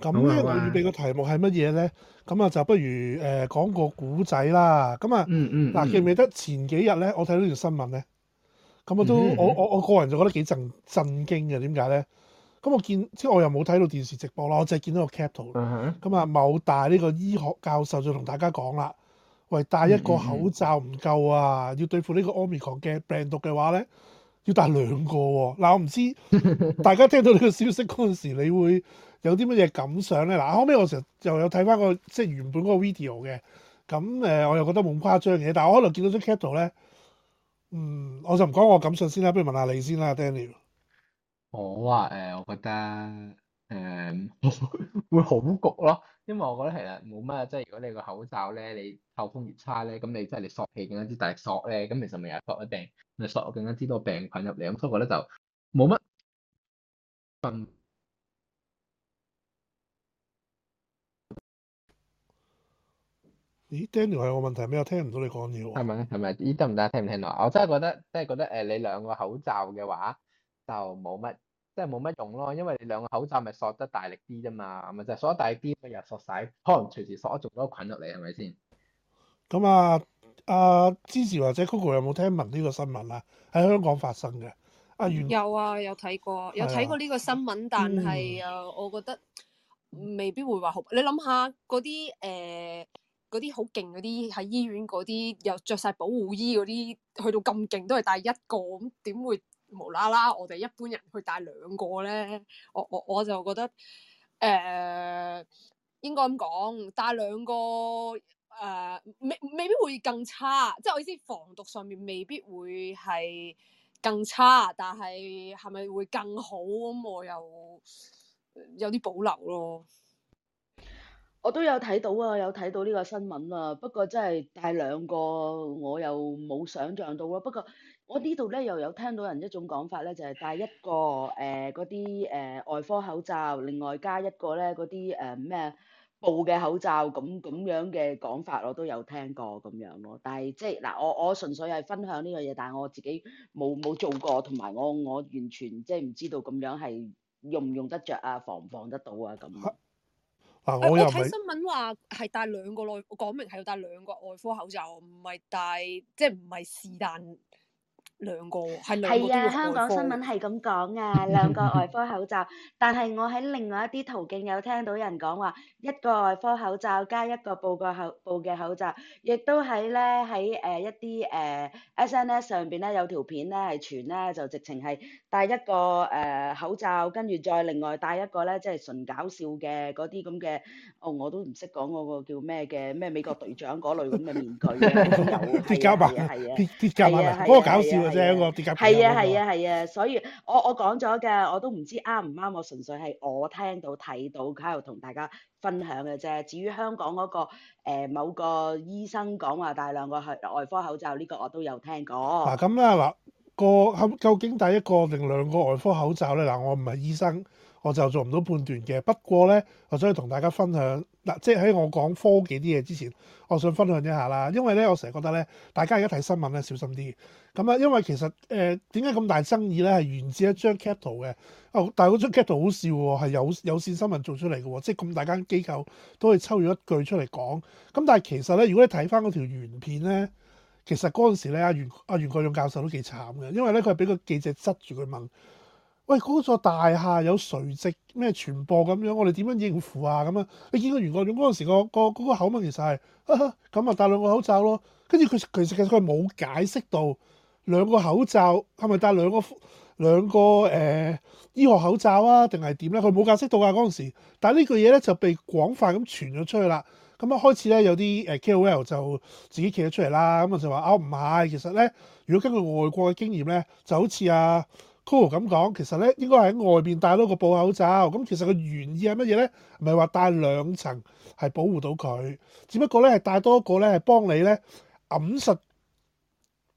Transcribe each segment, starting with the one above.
咁呢我預備嘅題目係乜嘢呢？咁啊，就不如誒講個古仔啦。咁啊，嗱記唔記得前幾日呢？我睇到條新聞呢，咁我都我我我個人就覺得幾震震驚嘅。點解呢？咁我見即係我又冇睇到電視直播啦，我淨係見到個 cap 圖咁啊，某大呢個醫學教授就同大家講啦：喂，戴一個口罩唔夠啊，要對付呢個 Omicron 嘅病毒嘅話呢。」要帶兩個嗱、哦啊，我唔知大家聽到呢個消息嗰陣時，你會有啲乜嘢感想咧？嗱、啊，後尾我成日又有睇翻個即係原本嗰個 video 嘅，咁誒、呃、我又覺得冇咁誇張嘅，但係我可能見到啲 caption 咧，嗯，我就唔講我感想先啦，不如問下你先啦，Daniel。我話、啊、誒、呃，我覺得誒、呃、 會好焗咯。因為我覺得其實冇乜，即係如果你個口罩咧，你透風越差咧，咁你即係你索氣更加之大。索咧，咁其實咪又係索咗病，咪索更加之多病菌入嚟，咁所以我覺得就冇乜。咦，Daniel 係我問題咩？我聽唔到你講嘢。係咪？係咪？咦，得唔得？聽唔聽到？我真係覺得，即係覺得誒，你兩個口罩嘅話就冇乜。即係冇乜用咯，因為你兩個口罩咪索得大力啲啫嘛，咪就係索得大力啲，咪又索晒，可能隨時索咗仲多菌落嚟，係咪先？咁、嗯、啊，阿芝士或者 Coco 有冇聽聞呢個新聞啊？喺香港發生嘅。阿、啊、袁有啊，有睇過，有睇過呢個新聞，啊、但係啊，我覺得未必會話好。嗯、你諗下嗰啲誒嗰啲好勁嗰啲喺醫院嗰啲又着晒保護衣嗰啲，去到咁勁都係戴一個，咁點會？無啦啦，我哋一般人去帶兩個咧，我我我就覺得，誒、呃，應該咁講，帶兩個誒、呃，未未必會更差，即係我意思，防毒上面未必會係更差，但係係咪會更好咁？我又有啲保留咯。我都有睇到啊，有睇到呢個新聞啊，不過真係帶兩個，我又冇想象到咯，不過。我呢度咧又有聽到人一種講法咧，就係戴一個誒嗰啲誒外科口罩，另外加一個咧嗰啲誒咩布嘅口罩，咁咁樣嘅講法，我都有聽過咁樣咯。但係即係嗱，我我純粹係分享呢個嘢，但係我自己冇冇做過，同埋我我完全即係唔知道咁樣係用唔用得著啊，防唔防得到啊咁。嗱，我又睇新聞話係戴兩個內，我講明係要戴兩個外科口罩，唔係戴即係唔係是但，兩個係兩個嘅外科。係啊，香港新聞係咁講啊，兩個外科口罩。但係我喺另外一啲途徑有聽到人講話，一個外科口罩加一個報個口報嘅口罩，亦都喺咧喺誒一啲誒 SNS 上面咧有條片咧係傳咧就直情係戴一個誒口罩，跟住再另外戴一個咧即係純搞笑嘅嗰啲咁嘅哦，我都唔識講嗰個叫咩嘅咩美國隊長嗰類咁嘅面具。鐵膠吧，係啊，鐵鐵膠啊，嗰個搞笑。啫，係啊，係啊，係啊，啊，所以我我講咗嘅，我都唔知啱唔啱，我純粹係我聽到睇到，喺度同大家分享嘅啫。至於香港嗰、那個、呃、某個醫生講話帶兩個係外科口罩呢、這個，我都有聽過。嗱、啊，咁咧話。個究竟戴一個定兩個外科口罩呢？嗱，我唔係醫生，我就做唔到判斷嘅。不過呢，我想同大家分享嗱，即係喺我講科技啲嘢之前，我想分享一下啦。因為呢，我成日覺得呢，大家而家睇新聞呢，小心啲。咁啊，因為其實誒點解咁大爭議呢？係源自一張 cap 圖嘅。但係嗰張 cap 圖好笑喎，係有有線新聞做出嚟嘅喎。即係咁大間機構都可以抽咗一句出嚟講。咁但係其實呢，如果你睇翻嗰條原片呢。其實嗰陣時咧，阿袁阿袁國勇教授都幾慘嘅，因為咧佢係俾個記者執住佢問，喂，嗰座大廈有垂直咩傳播咁樣，我哋點樣應付啊？咁啊，你見到袁國勇嗰陣時、嗰個個嗰、嗰個口吻其實係咁啊，就戴兩個口罩咯。跟住佢其實其實佢冇解釋到兩個口罩係咪戴兩個兩個誒、呃、醫學口罩啊，定係點咧？佢冇解釋到啊嗰陣時，但係呢句嘢咧就被廣泛咁傳咗出去啦。咁一開始咧，有啲誒 KOL 就自己企咗出嚟啦，咁就話：啊、哦，唔係，其實咧，如果根據外國嘅經驗咧，就好似阿 Coco 咁講，其實咧應該係喺外邊戴多個布口罩。咁其實個原意係乜嘢咧？唔係話戴兩層係保護到佢，只不過咧係戴多個咧係幫你咧揞實，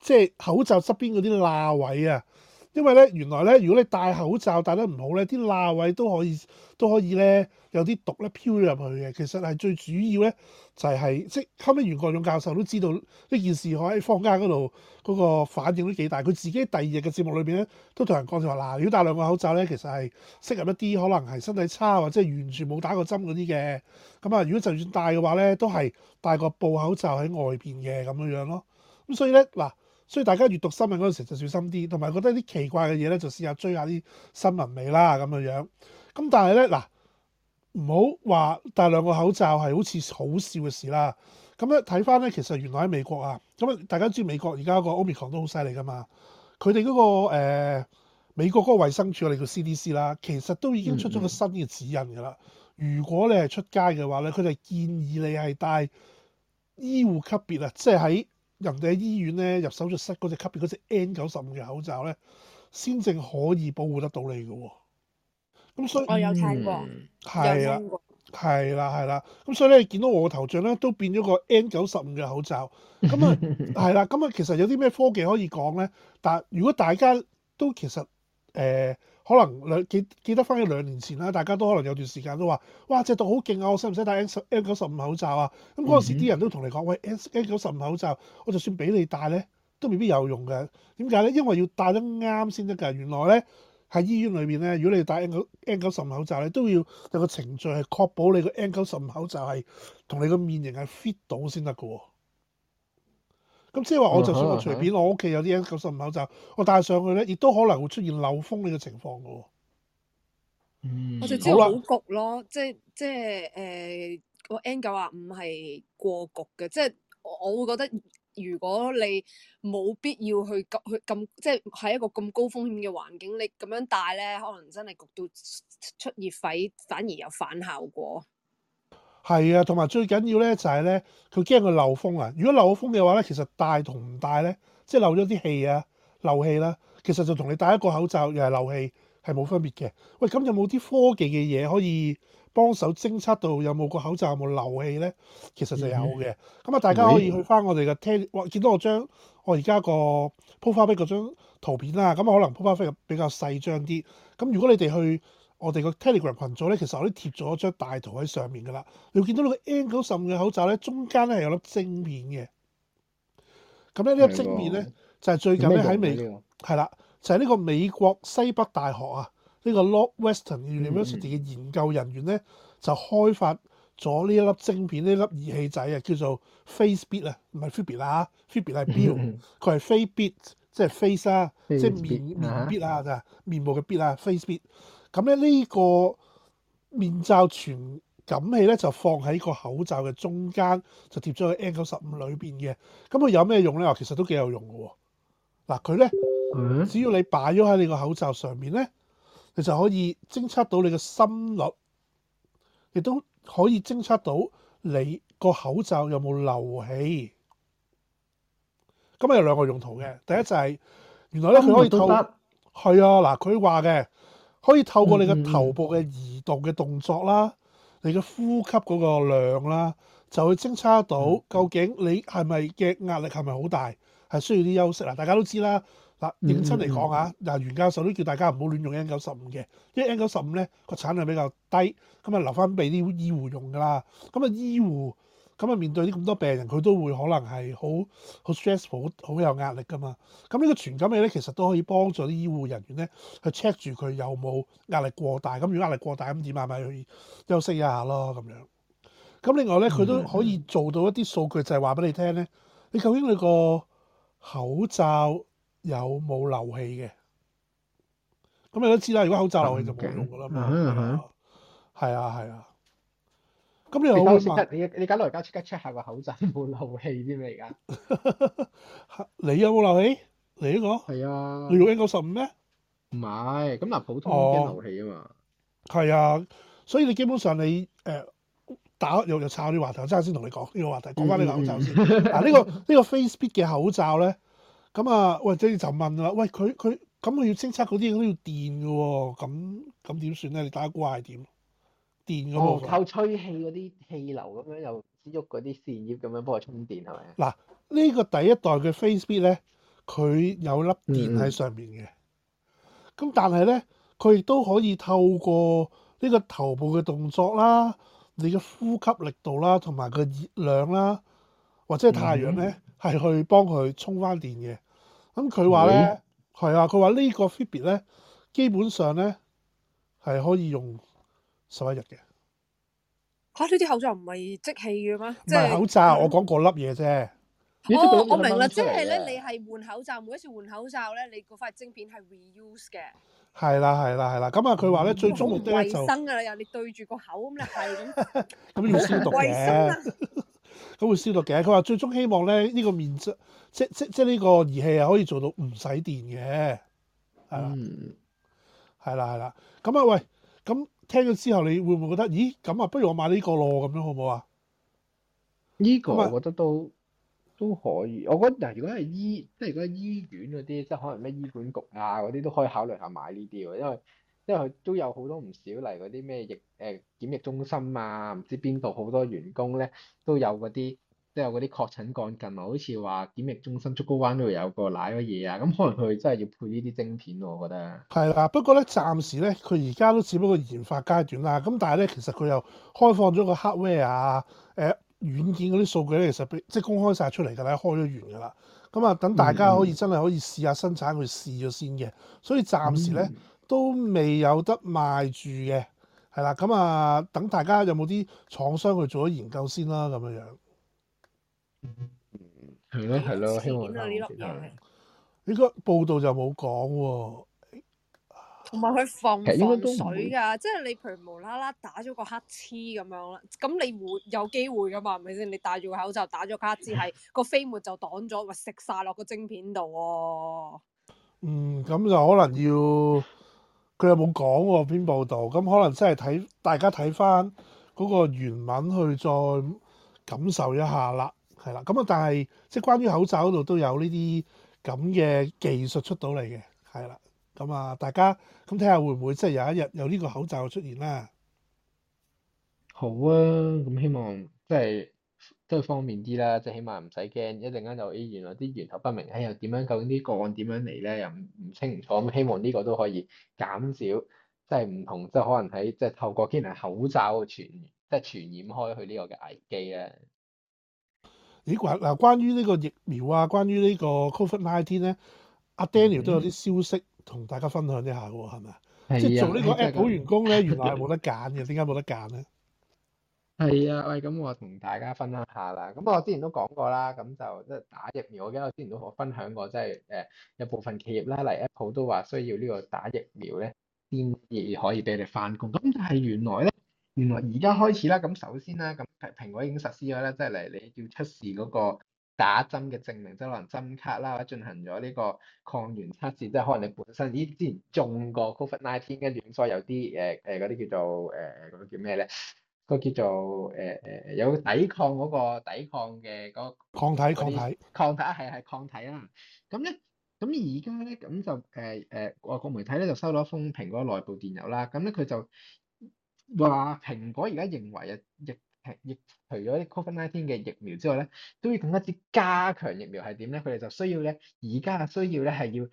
即係口罩側邊嗰啲罅位啊。因為咧，原來咧，如果你戴口罩戴得唔好咧，啲罅位都可以都可以咧，有啲毒咧飄咗入去嘅。其實係最主要咧，就係、是就是、即後尾袁國勇教授都知道呢件事間，喺坊間嗰度嗰個反應都幾大。佢自己第二日嘅節目裏邊咧，都同人講就話：嗱，如果戴兩個口罩咧，其實係適合一啲可能係身體差或者係完全冇打過針嗰啲嘅。咁、嗯、啊，如果就算戴嘅話咧，都係戴個布口罩喺外邊嘅咁樣樣咯。咁所以咧，嗱。所以大家閲讀新聞嗰陣時就小心啲，同埋覺得啲奇怪嘅嘢咧，就試下追下啲新聞尾啦咁樣樣。咁但係咧嗱，唔好話戴兩個口罩係好似好笑嘅事啦。咁咧睇翻咧，其實原來喺美國啊，咁啊大家知美國而家個奧密 o n 都好犀利噶嘛。佢哋嗰個、呃、美國嗰個衛生署，我哋叫 CDC 啦，其實都已經出咗個新嘅指引㗎啦。嗯嗯，如果你係出街嘅話咧，佢就建議你係戴醫護級別啊，即係喺。人哋喺醫院咧入手術室嗰隻級別嗰隻 N 九十五嘅口罩咧，先正可以保護得到你嘅喎、哦。咁所以我有聽過，嗯、的有聽過，係啦，係啦，係啦。咁所以咧，見到我個頭像咧都變咗個 N 九十五嘅口罩。咁啊係啦，咁啊 其實有啲咩科技可以講咧？但如果大家都其實誒。欸可能兩記記得翻起兩年前啦，大家都可能有段時間都話，哇，病、這個、毒好勁啊！我使唔使戴 N 十 N 九十五口罩啊？咁嗰陣時啲人都同你講，嗯、喂，N N 九十五口罩，我就算俾你戴咧，都未必有用㗎。點解咧？因為要戴得啱先得㗎。原來咧喺醫院裏面咧，如果你戴 N 九 N 九十五口罩咧，都要有個程序係確保你個 N 九十五口罩係同你個面型係 fit 到先得㗎喎。咁即係話，我就算我隨便，我屋企有啲 N 九十五口罩，我戴上去咧，亦都可能會出現漏風呢個情況嘅。嗯，我就知好焗咯，即係即係誒個 N 九十五係過焗嘅，即係我會覺得，如果你冇必要去咁去咁，即係喺一個咁高風險嘅環境，你咁樣戴咧，可能真係焗到出熱痱，反而有反效果。係啊，同埋最緊要咧就係咧，佢驚佢漏風啊！如果漏風嘅話咧，其實戴同唔戴咧，即係漏咗啲氣啊，漏氣啦、啊，其實就同你戴一個口罩又係漏氣係冇分別嘅。喂，咁有冇啲科技嘅嘢可以幫手偵測到有冇個口罩有冇漏氣咧？其實就有嘅。咁啊、嗯，嗯嗯、大家可以去翻我哋嘅聽，哇！見到我張我而家個 po 翻俾嗰張圖片啦。咁、嗯、啊，可能 po 翻俾比較細張啲。咁、嗯、如果你哋去我哋個 Telegram 群組咧，其實我哋貼咗張大圖喺上面噶啦。你會見到呢個 N 九十五嘅口罩咧，中間咧係有粒晶片嘅。咁咧呢粒晶片咧就係、是、最近咧喺美係啦，就係呢個美國西北大學啊，呢、這個 Northwestern University 嘅研究人員咧、嗯、就開發咗呢一粒晶片，呢粒儀器仔啊，叫做 Facebit 啊，唔係 Fitbit 啦嚇，Fitbit 係 Bill，佢係 Facebit，即係 face 啊， 即係面面 bit 啊，就係面部嘅、啊、bit 啊，Facebit。咁咧呢個面罩傳感器咧就放喺個口罩嘅中間，就貼咗喺 N95 裏邊嘅。咁佢有咩用咧？其實都幾有用嘅。嗱，佢咧、嗯、只要你擺咗喺你個口罩上面咧，你就可以偵測到你嘅心率，亦都可以偵測到你個口罩有冇漏氣。咁係有兩個用途嘅。第一就係、是、原來咧佢可以透，係、嗯嗯嗯、啊嗱，佢話嘅。可以透過你個頭部嘅移動嘅動作啦，嗯嗯，你嘅呼吸嗰個量啦，就會偵測到究竟你係咪嘅壓力係咪好大，係需要啲休息啊！大家都知啦，嗱、嗯嗯，認真嚟講吓，嗱，袁教授都叫大家唔好亂用 N 九十五嘅，因為 N 九十五咧個產量比較低，咁啊留翻俾啲醫護用㗎啦，咁啊醫護。咁啊，面對啲咁多病人，佢都會可能係好好 stressful，好有壓力噶嘛。咁呢個傳感器咧，其實都可以幫助啲醫護人員咧去 check 住佢有冇壓力過大。咁如果壓力過大咁點啊，咪去休息一下咯咁樣。咁另外咧，佢都可以做到一啲數據就係話俾你聽咧。你究竟你個口罩有冇漏氣嘅？咁你都知啦，如果口罩漏氣就冇用噶啦嘛。係啊係啊。咁你又？ 你你而家落嚟而家即刻 check 下個口罩有冇漏氣添未？而家你有冇漏氣？你呢個？係啊。你用緊個 N95 咩？唔係。咁嗱，普通已經漏氣啊嘛。係、哦、啊，所以你基本上你誒、呃、打又又炒啲話題，我即刻先同你講呢、這個話題，講翻你口罩先。嗱、啊，呢個呢個 f a c e b o o k 嘅口罩咧，咁啊或者你就問啦。喂，佢佢咁要偵測嗰啲嘢都要電嘅喎、哦，咁咁點算咧？你打怪點？哦，靠吹氣嗰啲氣流咁樣又喐嗰啲扇葉咁樣幫佢充電係咪？嗱，呢個第一代嘅 FaceBit 咧，佢有粒電喺上面嘅。咁、嗯、但係咧，佢亦都可以透過呢個頭部嘅動作啦、你嘅呼吸力度啦、同埋個熱量啦，或者係太陽咧，係、嗯、去幫佢充翻電嘅。咁佢話咧，係、嗯、啊，佢話呢個 Fitbit 咧，基本上咧係可以用。十一日嘅嚇，呢啲口罩唔係即氣嘅咩？即係口罩，我講過粒嘢啫。我我明啦，即係咧，你係換口罩，每一次換口罩咧，你嗰塊晶片係 reuse 嘅。係啦，係啦，係啦。咁啊，佢話咧，最重要咧就生噶啦，又你對住個口咁，你係咁。咁要消毒嘅。咁會消毒嘅。佢話最終希望咧，呢個面罩，即即即呢個儀器啊，可以做到唔使電嘅。係啦，係啦，係啦。咁啊，喂。咁聽咗之後，你會唔會覺得，咦咁啊？不如我買呢個咯咁樣，好唔好啊？呢個我覺得都都可以。我覺得嗱，如果係醫，即係如果係醫院嗰啲，即係可能咩醫管局啊嗰啲，都可以考慮下買呢啲喎。因為因為都有好多唔少嚟嗰啲咩疫誒、呃、檢疫中心啊，唔知邊度好多員工咧都有嗰啲。即係有嗰啲確診趕近啊，好似話檢疫中心竹篙灣嗰度有個瀨咗嘢啊，咁可能佢真係要配呢啲晶片喎。我覺得係啦， 不過咧暫時咧佢而家都只不過研發階段啦。咁但係咧其實佢又開放咗個 hardware 啊，誒、呃、軟件嗰啲數據咧其實即係公開晒出嚟㗎啦，開咗完㗎啦。咁啊等大家可以嗯嗯真係可以試下生產去試咗先嘅，所以暫時咧、嗯、都未有得賣住嘅係啦。咁啊等大家有冇啲廠商去做咗研究先啦，咁樣樣。係咯，係咯，希望係應該報道就冇講同埋佢放水噶，即係你譬如無啦啦打咗個乞嗤咁樣啦，咁你會有機會噶嘛？係咪先？你戴住個口罩打咗乞嗤，係 個飛沫就擋咗，喂食晒落個晶片度。嗯，咁就可能要佢有冇講篇報道？咁可能真係睇大家睇翻嗰個原文去再感受一下啦。係啦，咁啊，但係即係關於口罩嗰度都有呢啲咁嘅技術出到嚟嘅，係啦，咁、嗯、啊，大家咁睇下會唔會即係有一日有呢個口罩出現啦？好啊，咁希望即係都係方便啲啦，即係起碼唔使驚，一陣間就誒原來啲源頭不明，誒、哎、又點樣？究竟啲個案點樣嚟咧？又唔清唔楚咁，希望呢個都可以減少，即係唔同即係可能喺即係透過天然口罩嘅傳，即係傳染開佢呢個嘅危機咧。幾怪嗱！關於呢個疫苗啊，關於呢個 Covid Nineteen 咧，阿 Daniel 都有啲消息同大家分享一下嘅喎，係咪啊？即係做呢個 Apple 員工咧，原來係冇得揀嘅，點解冇得揀咧？係啊，喂，咁我同大家分享下啦。咁我之前都講過啦，咁就即係打疫苗。我記得我之前都我分享過，即係誒有部分企業咧，例如 Apple 都話需要呢個打疫苗咧，先至可以俾你翻工。咁但係原來咧。原來而家開始啦，咁首先啦，咁蘋果已經實施咗啦，即係嚟你要出示嗰個打針嘅證明，即係可能針卡啦，或者進行咗呢個抗原測試，即係可能你本身咦之前中過 COVID-19 嘅，19，所以有啲誒誒嗰啲叫做誒嗰個叫咩咧？個、呃、叫做誒誒、呃呃、有抵抗嗰、嗰個抵抗嘅、嗰個、抗體些抗體抗體係係抗體啦。咁咧，咁而家咧，咁就誒誒外國媒體咧就收咗封蘋果內部電郵啦。咁咧，佢就話哇蘋果而家認為啊，疫疫除咗啲 COVID-19 嘅疫苗之外咧，都要更加之加強疫苗係點咧？佢哋就需要咧，而家嘅需要咧係要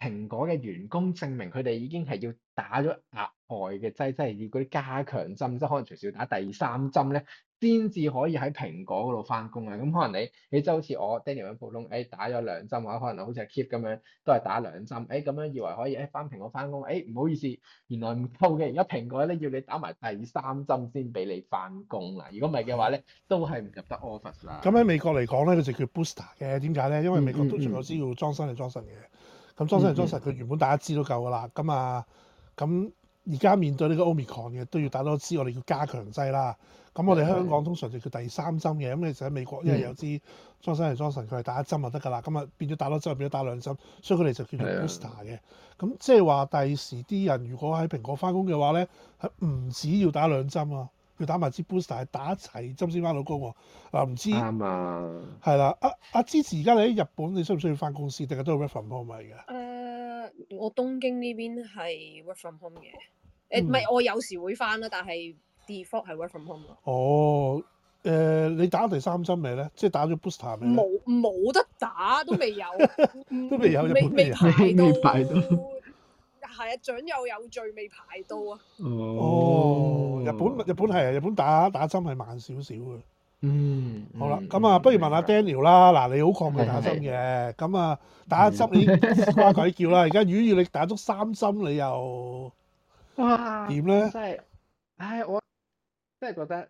蘋果嘅員工證明佢哋已經係要打咗額外嘅劑劑，要嗰啲加強針，即係可能隨時要打第三針咧。先至可以喺蘋果嗰度返工啊！咁、嗯、可能你你即好似我 Daniel 咁普通，誒 Danny、哎、打咗兩針啊，可能好似係 keep 咁樣，都係打兩針，誒、哎、咁樣以為可以誒返、哎、蘋果返工，誒、哎、唔好意思，原來唔夠嘅，而家蘋果咧要你打埋第三針先俾你返工啦。如果唔係嘅話咧，都係唔入得 office 啦。咁喺美國嚟講咧，佢就叫 booster 嘅。點解咧？嗯嗯、因為美國都仲有都要莊生，嚟莊生嘅。咁莊生嚟莊生，佢、嗯嗯、原本打一針都夠噶啦，咁啊，咁而家面對呢個 Omicron 嘅都要打多支，我哋要加強劑啦。咁我哋香港通常就叫第三針嘅，咁其實喺美國、嗯、因為有支 Johnson & Johnson 佢係打一針就得噶啦，咁啊變咗打多針，變咗打兩針，所以佢哋就叫做 booster 嘅。咁即係話第時啲人如果喺蘋果翻工嘅話咧，係唔止要打兩針啊，要打埋支 booster，係打一齊針先翻到工喎。嗱，唔知啱啊，係、啊、啦，阿阿吧、啊啊、芝，而家你喺日本，你需唔需要翻公司？定係都係 work from home 㗎？誒、呃，我東京呢邊係 work from home 嘅，誒唔係，我有時會翻啦，但係。default 係 work from home 啊！哦，誒，你打第三針未咧？即係打咗 booster 未？冇，冇得打都未有，都未有，日本未排到，係啊，獎又有序未排到啊！哦，日本日本係啊，日本打打針係慢少少嘅。嗯，好啦，咁啊，不如問下 Daniel 啦。嗱，你好抗拒打針嘅，咁啊，打針你瓜鬼叫啦！而家如果要你打足三針，你又哇點咧？即係，唉，我。即係覺得，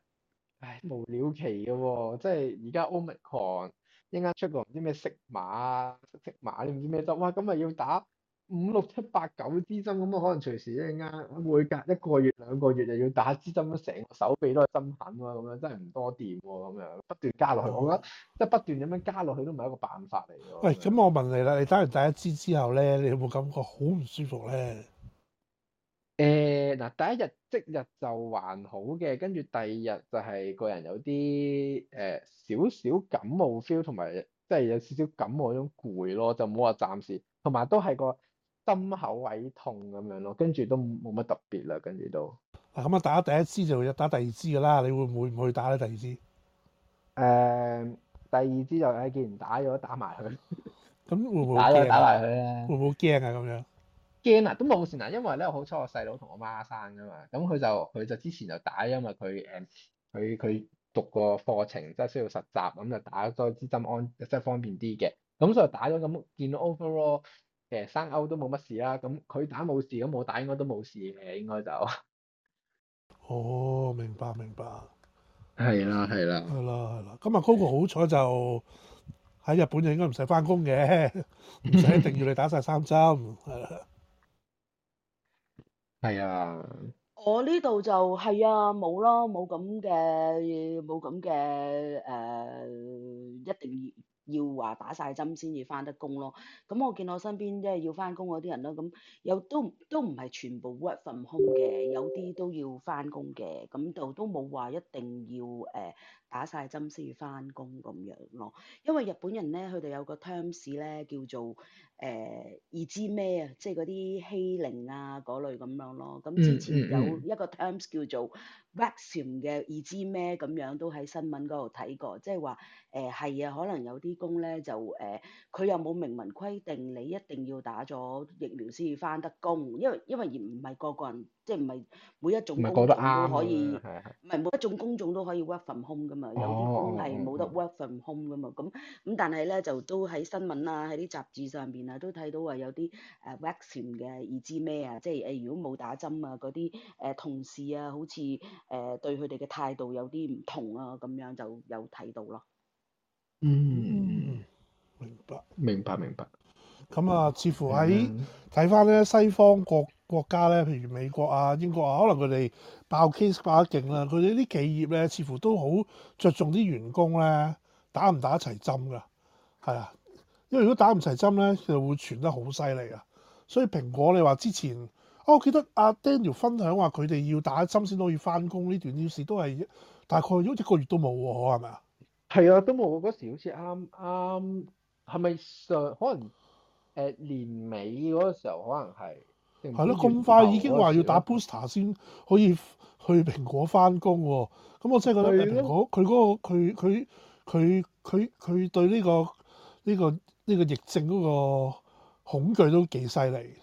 唉無了期嘅喎，即係而家 Omicron 一陣間出個唔知咩色碼啊，色碼你唔知咩針，哇咁咪要打五六七八九支針，咁啊可能隨時一陣間每隔一個月兩個月又要打支針，成個手臂都係針痕啊，咁樣真係唔多掂喎。哦，咁樣不斷加落去，嗯、我覺得即係不斷咁樣加落去都唔係一個辦法嚟嘅。喂，咁我問你啦，你打完第一支之後咧，你有冇感覺好唔舒服咧？誒嗱、呃，第一日即日就還好嘅，跟住第二日就係個人有啲誒少少感冒 feel，同埋即係有少少感冒嗰種攰咯，就冇話暫時，同埋都係個心口位痛咁樣咯，跟住都冇乜特別啦，跟住都。嗱咁啊，打第一支就打第二支㗎啦，你會唔會唔去打咧第二支？誒、呃，第二支就誒既然打咗，打埋佢。咁會唔會？打都打埋佢啦。會唔會驚啊？咁樣？都冇事嗱，因為咧好彩我細佬同我媽生㗎嘛，咁佢就佢就之前就打因為佢誒佢佢讀個課程即係需要實習，咁、嗯、就打咗支針安即係方便啲嘅，咁所以打咗咁見到 overall 嘅生勾都冇乜事啦、啊，咁佢打冇事，咁我打應該都冇事嘅，應該就哦，明白明白，係啦係啦，係啦係啦，咁啊個好彩就喺日本就應該唔使返工嘅，唔 使一定要你打晒三針係啦。係啊，我呢度就係啊，冇咯，冇咁嘅，冇咁嘅，誒，一定要。要話打晒針先至返得工咯，咁我見我身邊即係要返工嗰啲人咯，咁有都都唔係全部 work from home 嘅，有啲都要返工嘅，咁就都冇話一定要誒、呃、打晒針先要返工咁樣咯。因為日本人咧，佢哋有個 terms 咧叫做誒二知咩啊，即係嗰啲欺凌啊嗰類咁樣咯。咁之前有一個 terms 叫做。Blacksam 嘅未知咩咁樣，都喺新聞嗰度睇過，即係話誒係啊，可能有啲工咧就誒，佢、呃、又冇明文規定你一定要打咗疫苗先至返得工，因為因為而唔係個個人。即係唔係每一種工種都可以，唔係每一種工種都可以 work from home 㗎嘛。有啲工係冇得 work from home 㗎嘛。咁咁但係咧，就都喺新聞啊，喺啲雜誌上邊啊，都睇到話有啲誒 vaccine 嘅，唔知咩啊。即係誒，如果冇打針啊，嗰啲誒同事啊，好似誒對佢哋嘅態度有啲唔同啊，咁樣就有睇到咯。嗯，明白，明白，明白。咁啊，似乎喺睇返咧西方國，國家咧，譬如美國啊、英國啊，可能佢哋爆 case 爆得勁啦。佢哋啲企業咧，似乎都好着重啲員工咧打唔打齊針噶，係啊。因為如果打唔齊針咧，就會傳得好犀利啊。所以蘋果，你話之前、哦，我記得阿、啊、Daniel 分享話佢哋要打針先可以返工呢段事都，都係大概好似一個月都冇喎，係咪啊？係啊，都冇。嗰時好似啱啱係咪上可能誒、呃、年尾嗰個時候，可能係。係咯，咁快已經話要打 booster 先可以去蘋果返工喎，咁我真係覺得蘋果佢嗰個佢佢佢佢佢對呢個呢個呢個疫症嗰個恐懼都幾犀利。